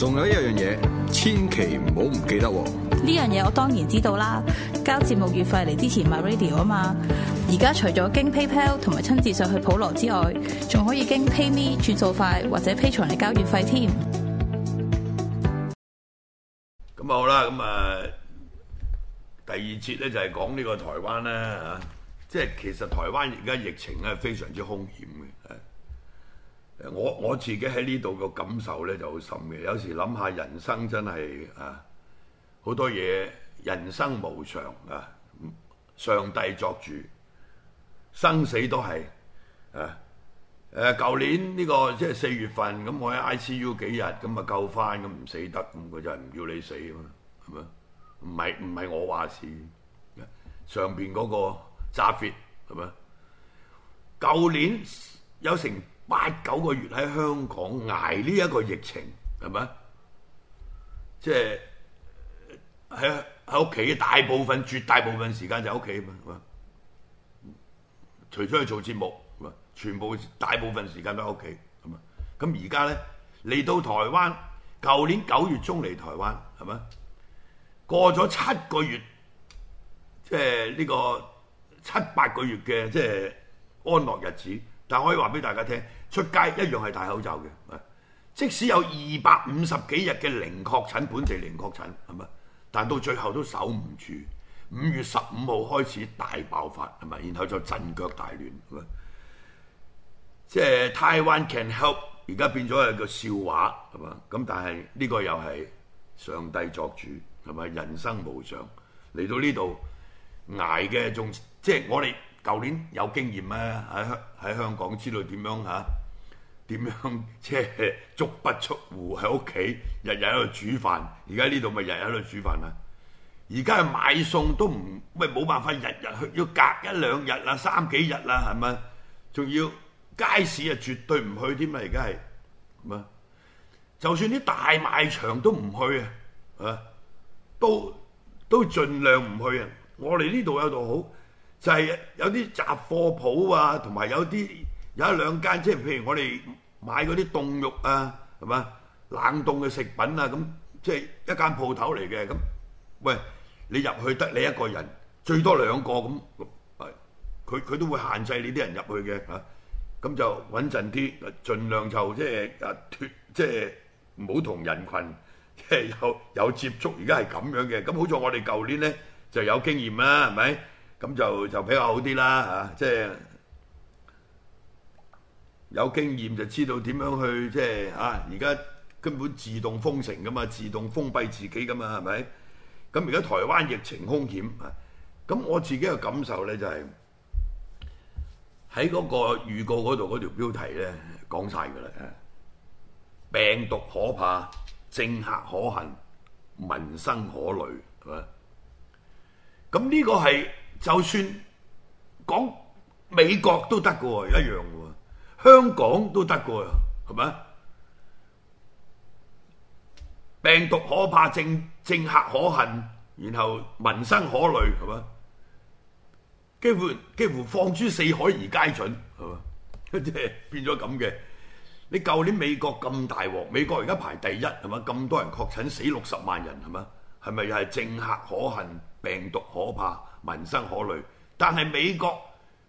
仲有一樣嘢，千祈唔好唔記得、哦、喎！呢樣嘢我當然知道啦，交節目月費嚟之前 MyRadio 啊嘛！而家除咗經 PayPal 同埋親自上去普羅之外，仲可以經 PayMe 轉數快或者 Patreon 嚟交月費添。咁啊好啦，咁啊第二節咧就係講呢個台灣啦。嚇，即係其實台灣而家疫情咧係非常之兇險嘅。我我自己喺呢度個感受咧就好深嘅。有時諗下人生真係啊，好多嘢，人生無常啊，上帝作主，生死都係啊。誒、啊，舊年呢、這個即係四月份咁，我喺 I C U 幾日咁啊，救翻咁唔死得咁，佢就係唔要你死啊嘛，係咪？唔係唔係我話事，上邊嗰個揸 fit，係咪？舊年有成。八九個月喺香港捱呢一個疫情係咪？即係喺喺屋企，大部分絕大部分時間就喺屋企啊嘛，係嘛，除咗去做節目，全部大部分時間都喺屋企係嘛。咁啊，咁而家咧嚟到台灣，舊年九月中嚟台灣係咪？過咗七個月，即係呢個七八個月嘅即係安樂日子。但我可以話俾大家聽，出街一樣係戴口罩嘅。即使有二百五十幾日嘅零確診，本地零確診係咪？但到最後都守唔住。五月十五號開始大爆發係咪？然後就陣腳大亂係咪？即係 Taiwan can help，而家變咗係個笑話係嘛？咁但係呢個又係上帝作主係咪？人生無常，嚟到呢度捱嘅仲即係我哋。舊年有經驗啊！喺喺香港知道點樣嚇，點樣即係足不出戶喺屋企，日日喺度煮飯。而家呢度咪日日喺度煮飯啊！而家係買餸都唔，咪冇辦法日日去，要隔一兩日啦、三幾日啦，係咪？仲要街市啊，絕對唔去添啊！而家係，係嘛？就算啲大賣場都唔去啊，都都盡量唔去啊！我哋呢度有度好。就係有啲雜貨鋪啊，同埋有啲有一兩間，即係譬如我哋買嗰啲凍肉啊，係咪啊，冷凍嘅食品啊，咁即係一間鋪頭嚟嘅，咁喂你入去得你一個人，最多兩個咁，係佢佢都會限制你啲人入去嘅嚇，咁就穩陣啲，儘量就即係啊脱，即係唔好同人群，即係有有接觸，而家係咁樣嘅，咁好似我哋舊年咧就有經驗啦，係咪？咁就就比較好啲啦嚇，即係有經驗就知道點樣去即係嚇。而家根本自動封城噶嘛，自動封閉自己噶嘛，係咪？咁而家台灣疫情凶險，咁我自己嘅感受咧就係喺嗰個預告嗰度嗰條標題咧講晒㗎啦，病毒可怕，政客可恨，民生可慮。係嘛？咁呢個係。就算講美國都得個喎，一樣個喎，香港都得個喎，係咪啊？病毒可怕，政政客可恨，然後民生可慮，係嘛？幾乎幾乎放諸四海而皆準，係嘛？即係變咗咁嘅。你舊年美國咁大鑊，美國而家排第一，係嘛？咁多人確診，死六十萬人，係嘛？係咪又係政客可恨，病毒可怕？民生可慮，但係美國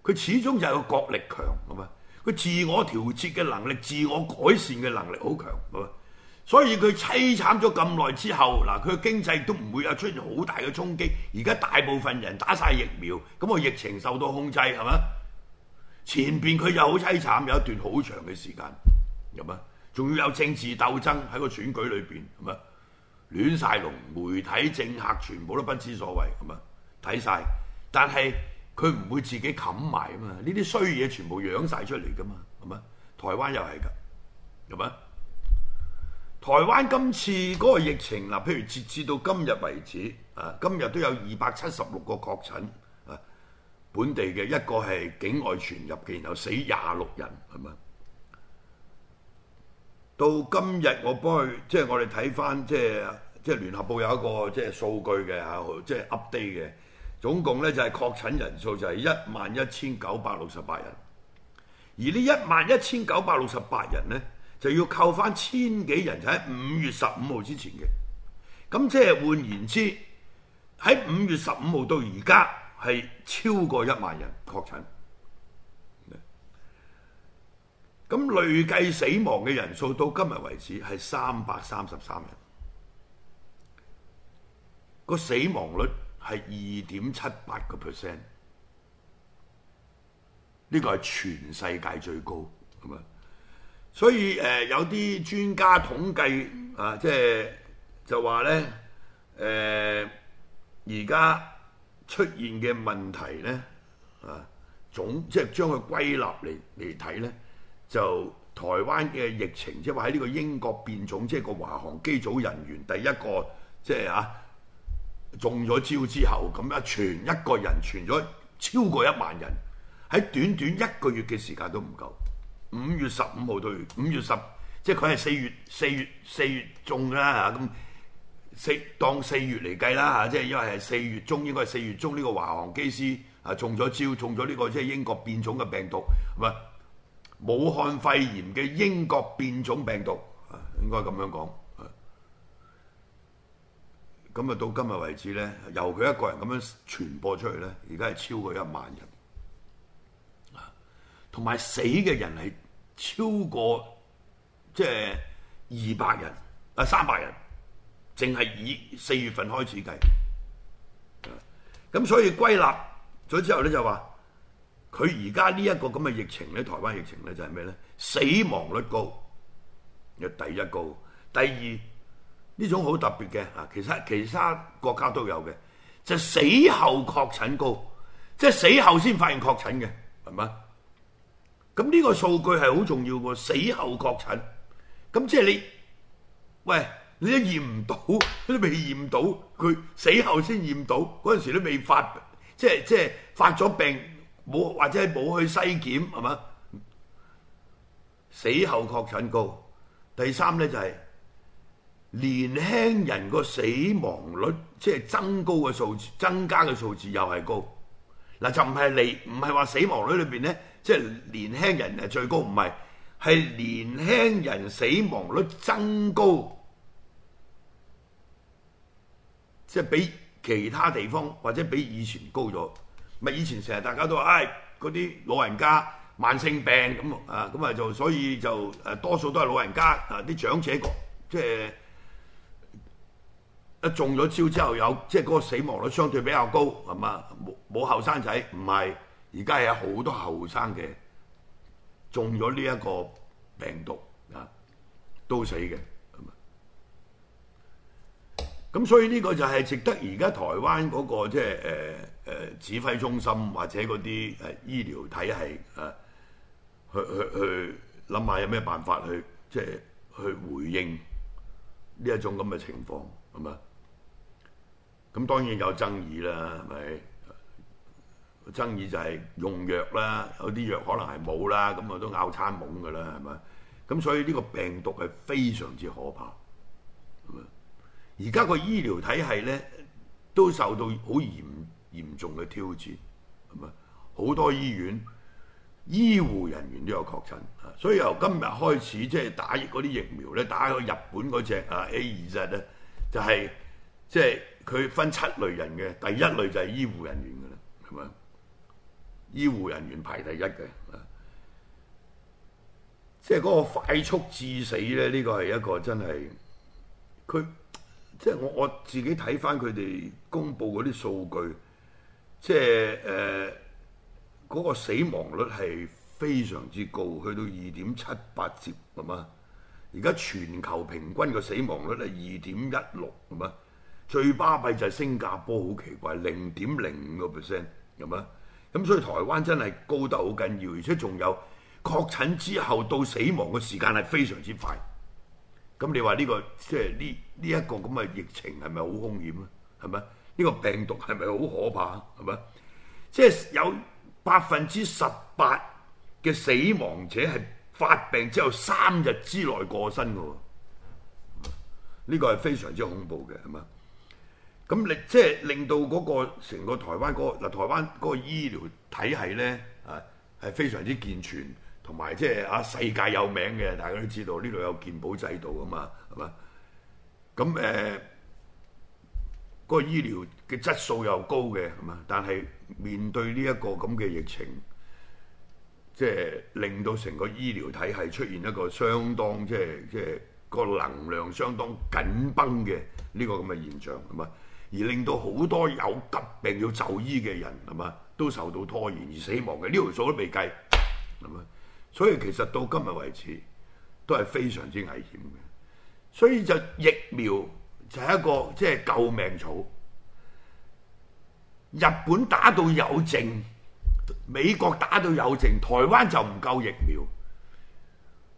佢始終就係個國力強咁啊！佢自我調節嘅能力、自我改善嘅能力好強咁啊！所以佢凄慘咗咁耐之後，嗱佢嘅經濟都唔會有出現好大嘅衝擊。而家大部分人打晒疫苗，咁個疫情受到控制係嘛？前邊佢又好凄慘，有一段好長嘅時間，咁啊，仲要有政治鬥爭喺個選舉裏邊，咁啊，亂晒龍，媒體、政客全部都不知所謂，咁啊！睇晒，但係佢唔會自己冚埋啊嘛！呢啲衰嘢全部養晒出嚟噶嘛，係咪？台灣又係噶，係咪？台灣今次嗰個疫情嗱，譬如截至到今日為止，啊，今日都有二百七十六個確診，啊，本地嘅一個係境外傳入嘅，然後死廿六人，係咪？到今日我幫佢，即係我哋睇翻，即係即係聯合報有一個即係數據嘅即係 update 嘅。就是 up 總共咧就係確診人數就係一萬一千九百六十八人，而呢一萬一千九百六十八人呢，就要扣翻千幾人，就喺五月十五號之前嘅。咁即係換言之，喺五月十五號到而家係超過一萬人確診。咁累計死亡嘅人數到今日為止係三百三十三人，個死亡率，係二點七八個 percent，呢個係全世界最高咁啊！所以誒，有啲專家統計啊，即係就話咧誒，而家出現嘅問題咧啊，總即係將佢歸納嚟嚟睇咧，就台灣嘅疫情，即係話喺呢個英國變種，即係個華航機組人員第一個，即係啊。中咗招之後，咁一傳一個人傳咗超過一萬人，喺短短一個月嘅時間都唔夠。五月十五號到五月十，即係佢係四月四月四月中啦嚇咁。四當四月嚟計啦嚇，即係因為係四月中應該係四月中呢個華航機師啊中咗招，中咗呢個即係英國變種嘅病毒，唔係武漢肺炎嘅英國變種病毒啊，應該咁樣講。咁啊，到今日為止咧，由佢一個人咁樣傳播出去咧，而家係超過一萬人，啊，同埋死嘅人係超過即係二百人啊、三百人，淨係以四月份開始計，咁所以歸納咗之後咧就話，佢而家呢一個咁嘅疫情咧，台灣疫情咧就係咩咧？死亡率高，一第一高，第二。呢種好特別嘅吓，其實其他國家都有嘅，就係、死後確診高，即、就、係、係、死後先發現確診嘅，係嘛？咁呢個數據係好重要個，死後確診，咁即係你，喂，你都驗唔到，都未驗到，佢死後先驗到，嗰陣時都未發，即係即係發咗病，冇或者係冇去篩檢，係嘛？死後確診高，第三咧就係、係。年輕人個死亡率即係、就是、增高嘅數字，增加嘅數字又係高。嗱就唔係嚟，唔係話死亡率裏邊咧，即、就、係、是、年輕人係最高，唔係係年輕人死亡率增高，即、就、係、是、比其他地方或者比以前高咗。咪以前成日大家都話，唉嗰啲老人家慢性病咁啊，咁啊就所以就誒多數都係老人家啊啲長者局，即係。一中咗招之後有，有即係嗰個死亡率相對比較高，係嘛？冇冇後生仔，唔係，而家有好多後生嘅中咗呢一個病毒啊，都死嘅，咁所以呢個就係值得而家台灣嗰、嗰個即係誒誒指揮中心或者嗰啲誒醫療體系啊，去去去諗下有咩辦法去即係、即係、去回應呢一種咁嘅情況，係嘛？咁當然有爭議啦，係咪？爭議就係用藥啦，有啲藥可能係冇啦，咁啊都拗餐懵㗎喇，係咪？咁所以呢個病毒係非常之可怕。咁啊，而家個醫療體系咧都受到好嚴嚴重嘅挑戰。咁啊，好多醫院醫護人員都有確診，所以由今日開始即係打嗰啲疫苗咧，打個日本嗰隻啊 AZ 咧，就係、是。即係佢分七類人嘅，第一類就係醫護人員㗎啦，係咪？醫護人員排第一嘅，即係嗰個快速致死咧，呢個係一個真係佢即係我我自己睇翻佢哋公佈嗰啲數據，即係誒嗰個死亡率係非常之高，去到二點七八折，係嘛？而家全球平均嘅死亡率係二點一六，係嘛？最巴閉就係新加坡，好奇怪，零點零五個 percent，係咪啊？咁所以台灣真係高得好緊要，而且仲有確診之後到死亡嘅時間係非常之快。咁你話呢個即係呢呢一個咁嘅疫情係咪好凶險咧？係咪？呢個病毒係咪好可怕？係咪？即係有百分之十八嘅死亡者係發病之後三日之內過身嘅喎。呢個係非常之恐怖嘅，係咪？咁你即係令到嗰個成個台灣嗰個嗱台灣嗰個醫療體系咧，啊係非常之健全，同埋即係啊世界有名嘅，大家都知道呢度有健保制度啊嘛，係嘛？咁誒，嗰個醫療嘅質素又高嘅，係嘛？但係面對呢一個咁嘅疫情，即係令到成個醫療體系出現一個相當即係即係個能量相當緊繃嘅呢個咁嘅現象，係嘛？而令到好多有急病要就醫嘅人係嘛，都受到拖延而死亡嘅，呢條數都未計，係嘛？所以其實到今日為止都係非常之危險嘅。所以就疫苗就係一個即係救命草。日本打到有剩，美國打到有剩，台灣就唔夠疫苗，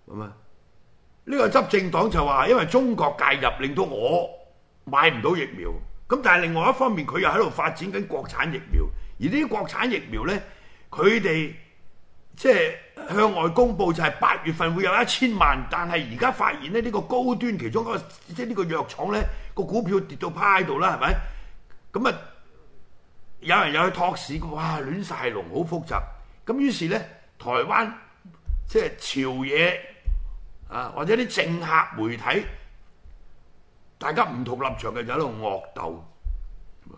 係嘛？呢個執政黨就話，因為中國介入，令到我買唔到疫苗。咁但係另外一方面，佢又喺度發展緊國產疫苗，而呢啲國產疫苗咧，佢哋即係向外公布就係八月份會有一千萬，但係而家發現咧呢個高端其中一個即係呢個藥廠咧個股票跌到趴喺度啦，係咪？咁啊，有人又去托市，哇亂晒龍，好複雜。咁於是咧，台灣即係朝野啊，或者啲政客媒體。大家唔同立場嘅就喺度惡鬥，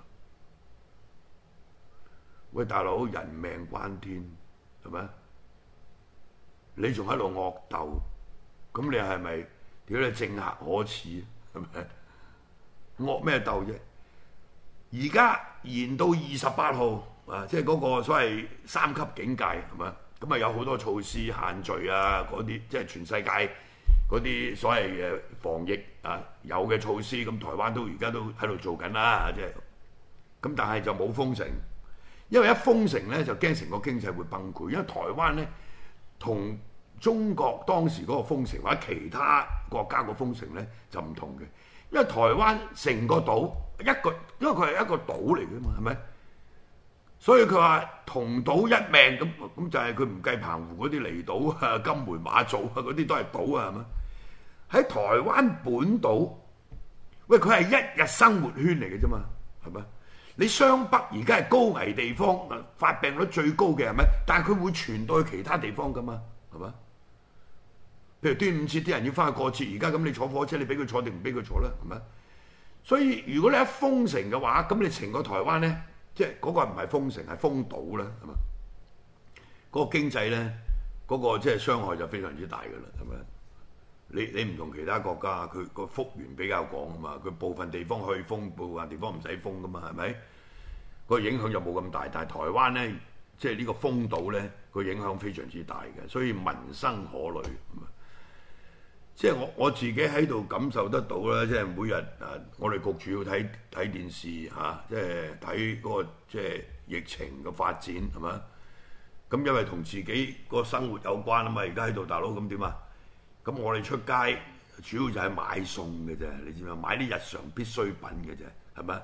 喂大佬，人命關天，係咪？你仲喺度惡鬥，咁你係咪？屌你政客可恥，係咪？惡咩鬥啫？而家延到二十八號啊，即係嗰個所謂三級警戒，係咪？咁啊有好多措施限聚啊，嗰啲即係全世界。嗰啲所謂嘅防疫啊，有嘅措施，咁台灣在都而家都喺度做緊啦，即係，咁但係就冇封城，因為一封城咧就驚成個經濟會崩潰，因為台灣咧同中國當時嗰個封城或者其他國家個封城咧就唔同嘅，因為台灣成個島一個，因為佢係一個島嚟嘅嘛，係咪？所以佢話同島一命，咁咁就係佢唔計澎湖嗰啲離島啊、金門馬祖啊嗰啲都係島啊，係嘛？喺台灣本島，喂佢係一日生活圈嚟嘅啫嘛，係嘛？你雙北而家係高危地方，發病率最高嘅，係咪？但係佢會傳到去其他地方噶嘛，係嘛？譬如端午節啲人要翻去過節，而家咁你坐火車，你俾佢坐定唔俾佢坐咧，係咪？所以如果你一封城嘅話，咁你成個台灣咧？即係嗰、那個唔係封城係封島啦，係嘛？嗰、那個經濟咧，嗰、那個即係傷害就非常之大㗎啦，係咪？你你唔同其他國家，佢個幅員比較廣啊嘛，佢部分地方可以封，部分地方唔使封㗎嘛，係咪？個影響就冇咁大，但係台灣咧，即係呢個封島咧，個影響非常之大嘅，所以民生可慮。係咪？即係我我自己喺度感受得到啦，即係每日誒，我哋局主要睇睇電視吓、啊，即係睇嗰個即係疫情嘅發展係咪？咁因為同自己個生活有關啊嘛，而家喺度大佬咁點啊？咁我哋出街主要就係買餸嘅啫，你知唔知買啲日常必需品嘅啫，係咪？誒、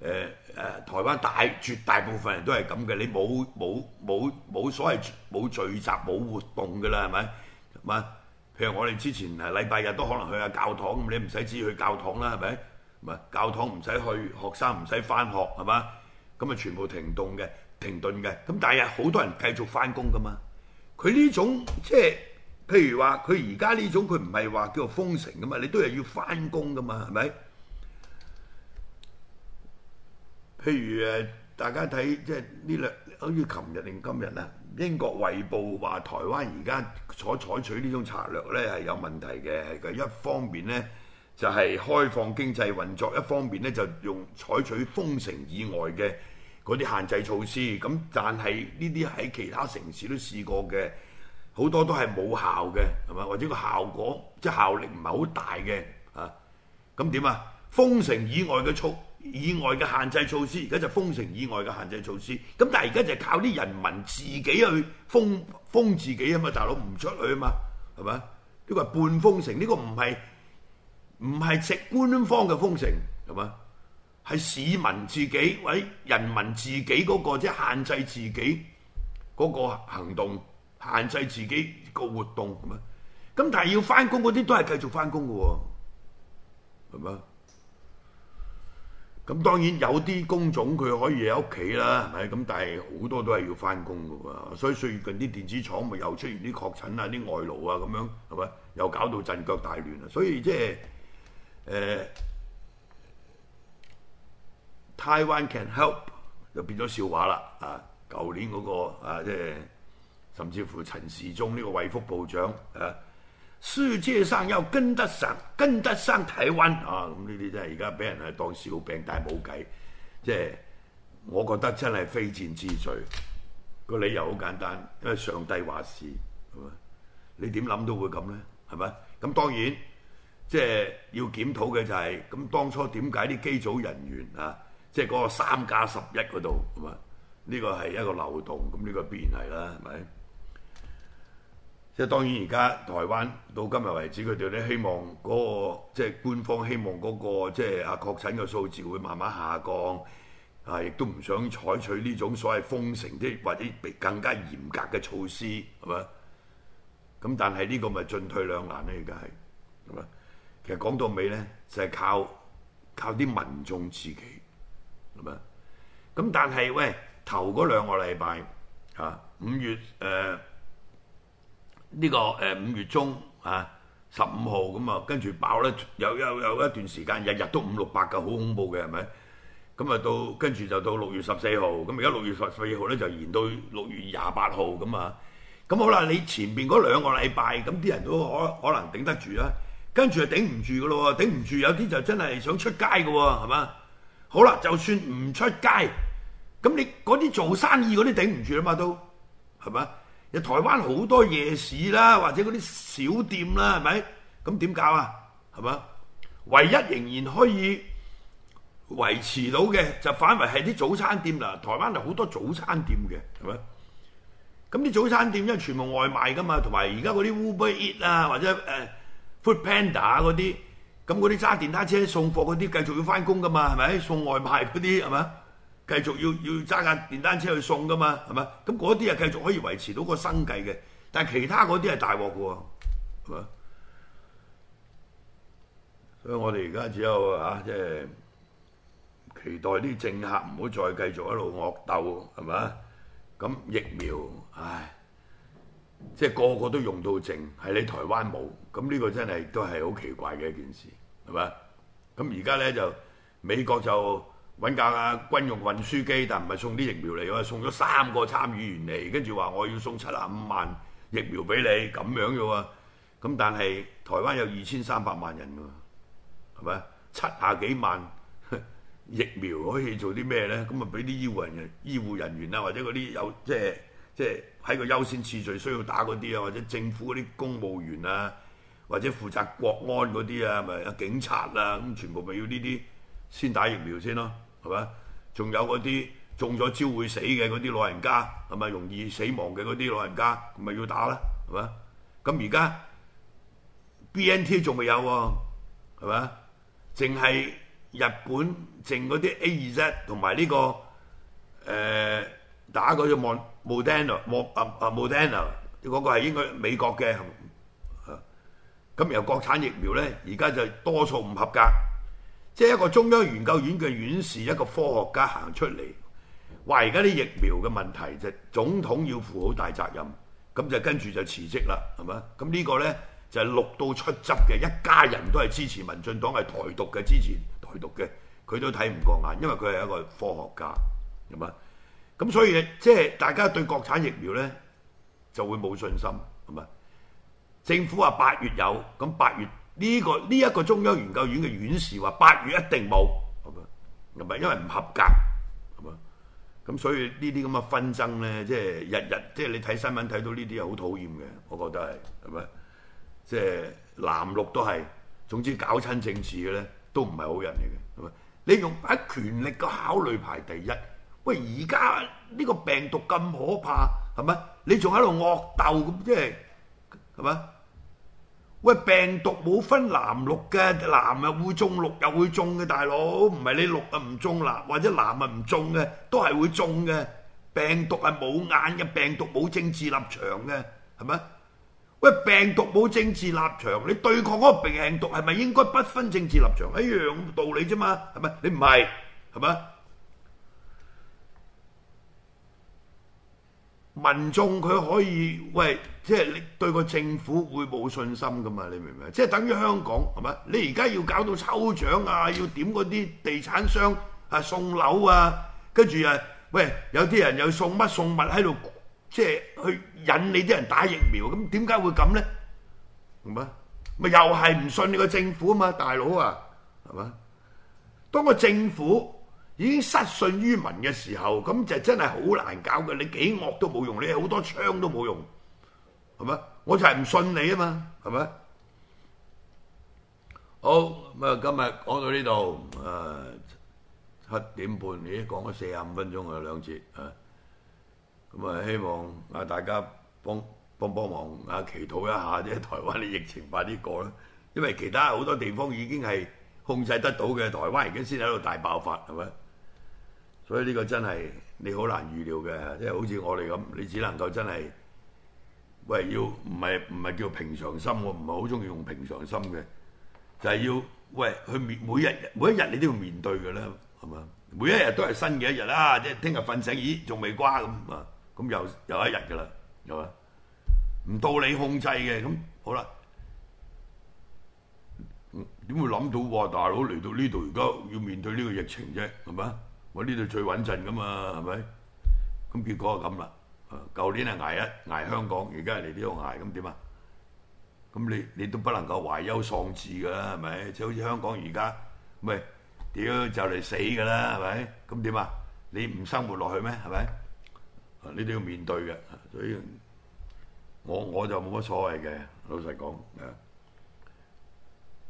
呃、誒，台灣大絕大部分人都係咁嘅，你冇冇冇冇所謂冇聚集冇活動㗎啦，係咪？係咪？譬如我哋之前誒禮拜日都可能去下教堂，咁你唔使只去教堂啦，係咪？唔係教堂唔使去，學生唔使翻學，係嘛？咁啊全部停動嘅、停頓嘅，咁但係好多人繼續翻工噶嘛。佢呢種即係、就是、譬如話，佢而家呢種佢唔係話叫做封城噶嘛，你都係要翻工噶嘛，係咪？譬如誒，大家睇即係呢兩，好似琴日定今日啦。英國《衛報》話：台灣而家所採取呢種策略呢係有問題嘅。佢一方面呢就係、是、開放經濟運作，一方面呢就用採取封城以外嘅嗰啲限制措施。咁但係呢啲喺其他城市都試過嘅，好多都係冇效嘅，係嘛？或者個效果即係效力唔係好大嘅啊。咁點啊？封城以外嘅速。以外嘅限制措施，而家就封城以外嘅限制措施。咁但係而家就靠啲人民自己去封封自己啊嘛，大佬唔出去啊嘛，係嘛？呢、這個係半封城，呢、這個唔係唔係食官方嘅封城，係嘛？係市民自己，喂人民自己嗰、那個即係限制自己嗰個行動，限制自己個活動，咁啊。咁但係要翻工嗰啲都係繼續翻工嘅喎，係嘛？咁當然有啲工種佢可以喺屋企啦，係咪？咁但係好多都係要翻工噶喎，所以最近啲電子廠咪又出現啲確診啊，啲外勞啊咁樣係咪？又搞到陣腳大亂啊！所以即係、呃、Taiwan can help 就變咗笑話啦啊！舊年嗰、那個啊，即係甚至乎陳時中呢個衛福部長啊。世界上又跟得上，跟得上台灣啊！咁呢啲真係而家俾人係當小病，但係冇計。即係我覺得真係非戰之罪。個理由好簡單，因為上帝話事，係咪？你點諗都會咁咧，係咪？咁當然即係要檢討嘅就係，咁當初點解啲機組人員啊，即係嗰個三加十一嗰度，係咪？呢個係一個漏洞，咁呢個必然係啦，係咪？即係當然，而家台灣到今日為止，佢哋咧希望嗰個即係官方希望嗰個即係啊確診嘅數字會慢慢下降，啊亦都唔想採取呢種所謂封城啲或者被更加嚴格嘅措施，係嘛？咁但係呢個咪進退兩難咧，而家係，係嘛？其實講到尾咧，就係靠靠啲民眾自己，係嘛？咁但係喂，頭嗰兩個禮拜啊，五月誒。呃呢、這個誒五、呃、月中啊十五號咁啊，跟住爆咧有有有一段時間日日都五六百嘅，好恐怖嘅係咪？咁啊到跟住就到六月十四號，咁而家六月十四號咧就延到六月廿八號咁啊。咁好啦，你前面嗰兩個禮拜咁啲人都可可能頂得住啊。跟住就頂唔住嘅咯喎，頂唔住有啲就真係想出街嘅喎，係嘛？好啦，就算唔出街，咁你嗰啲做生意嗰啲頂唔住啊嘛都係嘛？是吧？台灣好多夜市啦，或者嗰啲小店啦，係咪？咁點搞啊？係咪？唯一仍然可以維持到嘅，就反為係啲早餐店啦。台灣係好多早餐店嘅，係咪？咁啲早餐店因為全部外賣噶嘛，同埋而家嗰啲 Uber Eat 啊，或者誒 Food Panda 嗰啲，咁嗰啲揸電單車送貨嗰啲，繼續要翻工噶嘛，係咪？送外賣嗰啲係咪？繼續要要揸架電單車去送㗎嘛，係咪？咁嗰啲係繼續可以維持到個生計嘅，但係其他嗰啲係大鑊嘅喎，係嘛？所以我哋而家只有啊即係期待啲政客唔好再繼續一路惡鬥，係嘛？咁疫苗唉，即係個個都用到淨，係你台灣冇，咁呢個真係都係好奇怪嘅一件事，係嘛？咁而家咧就美國就。揾架軍用運輸機，但唔係送啲疫苗嚟，我送咗三個參議員嚟，跟住話我要送七十五萬疫苗俾你，咁樣嘅喎。咁但係台灣有二千三百萬人喎，係咪？七啊幾萬疫苗可以做啲咩咧？咁啊，俾啲醫護人員、醫護人員啦，或者嗰啲有即係即係喺個優先次序需要打嗰啲啊，或者政府嗰啲公務員啊，或者負責國安嗰啲啊，咪啊警察啦，咁全部咪要呢啲。先打疫苗先咯，係咪？仲有嗰啲中咗招會死嘅嗰啲老人家，係咪容易死亡嘅嗰啲老人家，咪要打啦，係咪？咁而家 BNT 仲未有、啊，係咪？淨係日本剩嗰啲 AZ 同埋呢個誒、呃、打嗰隻莫莫丹奴莫啊啊莫丹奴嗰個係應該美國嘅，咁由國產疫苗咧，而家就多數唔合格。即係一個中央研究院嘅院士，一個科學家行出嚟，話而家啲疫苗嘅問題就總統要負好大責任，咁就跟住、這個、就辭職啦，係嘛？咁呢個呢，就係綠到出汁嘅，一家人都係支持民進黨係台獨嘅，支持台獨嘅，佢都睇唔過眼，因為佢係一個科學家，係嘛，咁所以即係大家對國產疫苗呢，就會冇信心，係嘛，政府話八月有，咁八月。呢個呢一個中央研究院嘅院士話：八月一定冇，係咪？係咪？因為唔合格，係咪？咁所以呢啲咁嘅紛爭咧，即係日日，即係你睇新聞睇到呢啲嘢好討厭嘅，我覺得係，係咪？即係藍綠都係，總之搞親政治嘅咧，都唔係好人嚟嘅，係咪？你用喺權力嘅考慮排第一，喂！而家呢個病毒咁可怕，係咪？你仲喺度惡鬥咁，即係係咪？喂，病毒冇分藍綠嘅，藍又會中，綠又會中嘅，大佬唔係你綠啊唔中藍，或者藍啊唔中嘅，都係會中嘅。病毒係冇眼嘅，病毒冇政治立場嘅，係咪？喂，病毒冇政治立場，你對抗嗰個病毒係咪應該不分政治立場，一樣道理啫嘛？係咪？你唔係係咪？民眾佢可以喂。即係你對個政府會冇信心㗎嘛？你明唔明？即係等於香港係咪？你而家要搞到抽獎啊，要點嗰啲地產商啊送樓啊，跟住啊喂，有啲人又送乜送物喺度，即係去引你啲人打疫苗。咁點解會咁呢？唔啊，咪又係唔信你個政府啊嘛，大佬啊，係嘛？當個政府已經失信於民嘅時候，咁就真係好難搞嘅。你幾惡都冇用，你好多槍都冇用。係咪？我就係唔信你啊嘛，係咪？好咁、呃哎、啊！今日講到呢度，誒七點半，咦講咗四十五分鐘啊，兩節啊，咁啊希望啊大家幫幫幫忙啊，祈禱一下啫，即係，台灣啲疫情快啲過啦，因為其他好多地方已經係控制得到嘅，台灣而家先喺度大爆發，係咪？所以呢個真係你很難預料的、就是、好難預料嘅，即係好似我哋咁，你只能夠真係。喂，要唔係唔係叫平常心？我唔係好中意用平常心嘅，就係、是、要喂去面每一日每一日你都要面對嘅啦，係嘛？每一日都係新嘅一日啦，即係聽日瞓醒，咦，仲未瓜咁啊？咁又又一日㗎啦，係嘛？唔到你控制嘅，咁好啦。點會諗到話大佬嚟到呢度而家要面對呢個疫情啫？係嘛？我呢度最穩陣㗎嘛，係咪？咁結果係咁啦。舊年係捱一捱香港，而家係嚟呢度捱。咁點啊？咁你你都不能夠懷憂喪志噶啦，係咪？即好似香港而家，喂，屌就嚟死噶啦，係咪？咁點啊？你唔生活落去咩？係咪？你都要面對嘅，所以我我就冇乜所謂嘅，老實講，誒。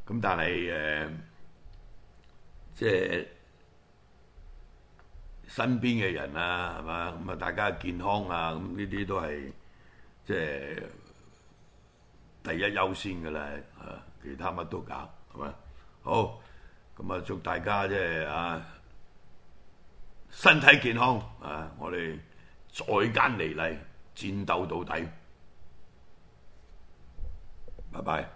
咁但係誒，即係。身邊嘅人啦，係嘛？咁啊，大家健康啊，咁呢啲都係即係第一優先嘅啦，啊，其他乜都搞，係嘛？好，咁啊，祝大家即係啊身體健康啊！我哋再艱離嚟戰鬥到底，拜拜。